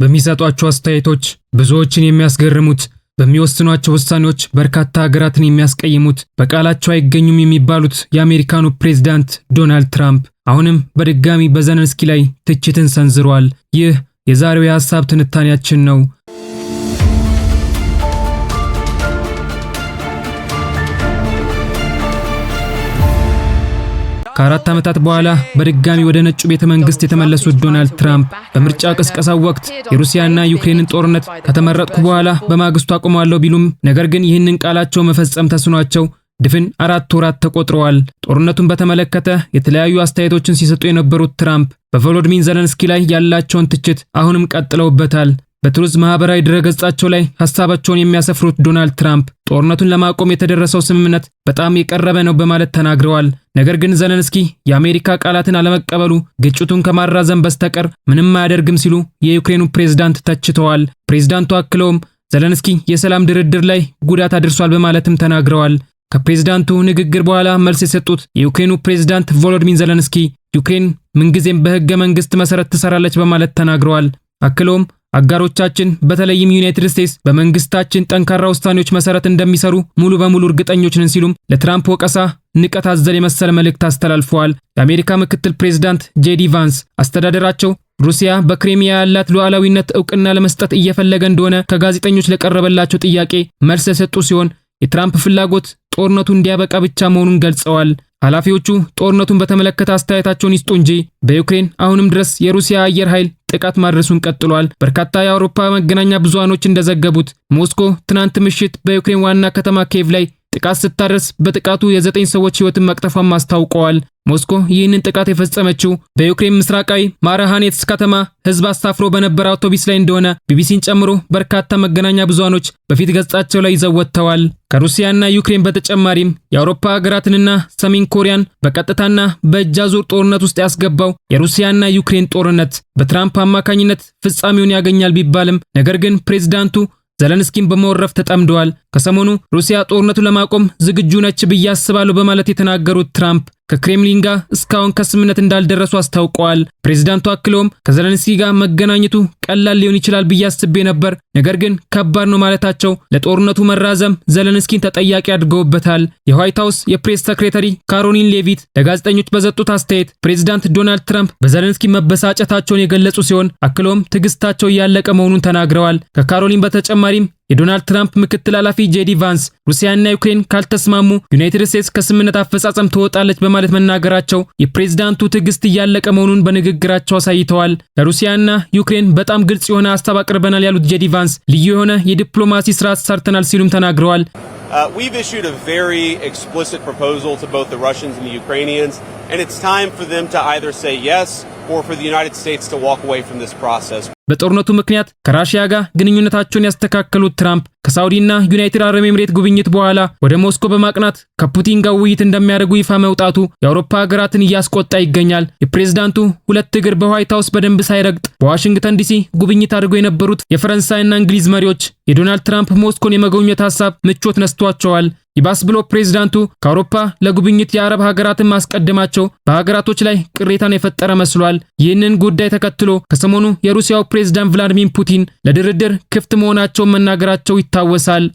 በሚሰጧቸው አስተያየቶች ብዙዎችን የሚያስገርሙት፣ በሚወስኗቸው ውሳኔዎች በርካታ ሀገራትን የሚያስቀይሙት፣ በቃላቸው አይገኙም የሚባሉት የአሜሪካኑ ፕሬዝዳንት ዶናልድ ትራምፕ አሁንም በድጋሚ በዘለንስኪ ላይ ትችትን ሰንዝረዋል። ይህ የዛሬው የሀሳብ ትንታኔያችን ነው። ከአራት ዓመታት በኋላ በድጋሚ ወደ ነጩ ቤተ መንግሥት የተመለሱት ዶናልድ ትራምፕ በምርጫ ቅስቀሳው ወቅት የሩሲያና ዩክሬንን ጦርነት ከተመረጥኩ በኋላ በማግስቱ አቁመዋለሁ ቢሉም ነገር ግን ይህንን ቃላቸው መፈጸም ተስኗቸው ድፍን አራት ወራት ተቆጥረዋል። ጦርነቱን በተመለከተ የተለያዩ አስተያየቶችን ሲሰጡ የነበሩት ትራምፕ በቮሎዲሚር ዘለንስኪ ላይ ያላቸውን ትችት አሁንም ቀጥለውበታል። በትሩዝ ማህበራዊ ድረገጻቸው ላይ ሀሳባቸውን የሚያሰፍሩት ዶናልድ ትራምፕ ጦርነቱን ለማቆም የተደረሰው ስምምነት በጣም የቀረበ ነው በማለት ተናግረዋል። ነገር ግን ዘለንስኪ የአሜሪካ ቃላትን አለመቀበሉ ግጭቱን ከማራዘም በስተቀር ምንም አያደርግም ሲሉ የዩክሬኑ ፕሬዝዳንት ተችተዋል። ፕሬዝዳንቱ አክለውም ዘለንስኪ የሰላም ድርድር ላይ ጉዳት አድርሷል በማለትም ተናግረዋል። ከፕሬዝዳንቱ ንግግር በኋላ መልስ የሰጡት የዩክሬኑ ፕሬዝዳንት ቮሎዲሚር ዘለንስኪ ዩክሬን ምንጊዜም በህገ መንግስት መሰረት ትሰራለች በማለት ተናግረዋል። አክለውም አጋሮቻችን በተለይም ዩናይትድ ስቴትስ በመንግስታችን ጠንካራ ውሳኔዎች መሰረት እንደሚሰሩ ሙሉ በሙሉ እርግጠኞች ነን ሲሉም ለትራምፕ ወቀሳ ንቀት አዘል የመሰለ መልእክት አስተላልፈዋል። የአሜሪካ ምክትል ፕሬዚዳንት ጄዲ ቫንስ አስተዳደራቸው ሩሲያ በክሬሚያ ያላት ሉዓላዊነት እውቅና ለመስጠት እየፈለገ እንደሆነ ከጋዜጠኞች ለቀረበላቸው ጥያቄ መልስ የሰጡ ሲሆን የትራምፕ ፍላጎት ጦርነቱ እንዲያበቃ ብቻ መሆኑን ገልጸዋል። ኃላፊዎቹ ጦርነቱን በተመለከተ አስተያየታቸውን ይስጡ እንጂ በዩክሬን አሁንም ድረስ የሩሲያ አየር ኃይል ጥቃት ማድረሱን ቀጥሏል። በርካታ የአውሮፓ መገናኛ ብዙሃኖች እንደዘገቡት ሞስኮ ትናንት ምሽት በዩክሬን ዋና ከተማ ኬቭ ላይ ጥቃት ስታደርስ በጥቃቱ የዘጠኝ ሰዎች ህይወትን መቅጠፏን አስታውቀዋል። ሞስኮ ይህንን ጥቃት የፈጸመችው በዩክሬን ምስራቃዊ ማራሃኔትስ ከተማ ህዝብ አሳፍሮ በነበረ አውቶቢስ ላይ እንደሆነ ቢቢሲን ጨምሮ በርካታ መገናኛ ብዙሃኖች በፊት ገጻቸው ላይ ይዘው ወጥተዋል። ከሩሲያና ዩክሬን በተጨማሪም የአውሮፓ ሀገራትንና ሰሜን ኮሪያን በቀጥታና በእጅ አዙር ጦርነት ውስጥ ያስገባው የሩሲያና ዩክሬን ጦርነት በትራምፕ አማካኝነት ፍጻሜውን ያገኛል ቢባልም ነገር ግን ፕሬዝዳንቱ ዘለንስኪን በመወረፍ ተጠምደዋል። ከሰሞኑ ሩሲያ ጦርነቱን ለማቆም ዝግጁ ነች ብዬ አስባለሁ በማለት የተናገሩት ትራምፕ ከክሬምሊን ጋር እስካሁን ከስምነት እንዳልደረሱ አስታውቀዋል። ፕሬዚዳንቱ አክለውም ከዘለንስኪ ጋር መገናኘቱ ቀላል ሊሆን ይችላል ብዬ አስቤ ነበር፣ ነገር ግን ከባድ ነው ማለታቸው ለጦርነቱ መራዘም ዘለንስኪን ተጠያቂ አድርገውበታል። የዋይት ሀውስ የፕሬስ ሰክሬታሪ ካሮሊን ሌቪት ለጋዜጠኞች በሰጡት አስተያየት ፕሬዚዳንት ዶናልድ ትራምፕ በዘለንስኪ መበሳጨታቸውን የገለጹ ሲሆን አክለውም ትዕግስታቸው እያለቀ መሆኑን ተናግረዋል። ከካሮሊን በተጨማሪም የዶናልድ ትራምፕ ምክትል ኃላፊ ጄዲ ቫንስ ሩሲያና ዩክሬን ካልተስማሙ ዩናይትድ ስቴትስ ከስምነት አፈጻጸም ትወጣለች በማለት መናገራቸው የፕሬዝዳንቱ ትዕግስት እያለቀ መሆኑን በንግግራቸው አሳይተዋል። ለሩሲያና ዩክሬን በጣም ግልጽ የሆነ ሀሳብ አቅርበናል ያሉት ጄዲ ቫንስ ልዩ የሆነ የዲፕሎማሲ ስርዓት ሰርተናል ሲሉም ተናግረዋል። የስ uh, or for the United States to walk away from this process. በጦርነቱ ምክንያት ከራሺያ ጋር ግንኙነታቸውን ያስተካከሉት ትራምፕ ከሳውዲና ዩናይትድ አረብ ኤምሬት ጉብኝት በኋላ ወደ ሞስኮ በማቅናት ከፑቲን ጋር ውይይት እንደሚያደርጉ ይፋ መውጣቱ የአውሮፓ ሀገራትን እያስቆጣ ይገኛል። የፕሬዝዳንቱ ሁለት እግር በዋይት ሀውስ በደንብ ሳይረግጥ በዋሽንግተን ዲሲ ጉብኝት አድርገው የነበሩት የፈረንሳይና እንግሊዝ መሪዎች የዶናልድ ትራምፕ ሞስኮን የመጎብኘት ሀሳብ ምቾት ነስቷቸዋል። ይባስ ብሎ ፕሬዝዳንቱ ከአውሮፓ ለጉብኝት የአረብ ሀገራትን ማስቀደማቸው በሀገራቶች ላይ ቅሬታን የፈጠረ መስሏል። ይህንን ጉዳይ ተከትሎ ከሰሞኑ የሩሲያው ፕሬዝዳንት ቭላዲሚር ፑቲን ለድርድር ክፍት መሆናቸውን መናገራቸው ይታወሳል።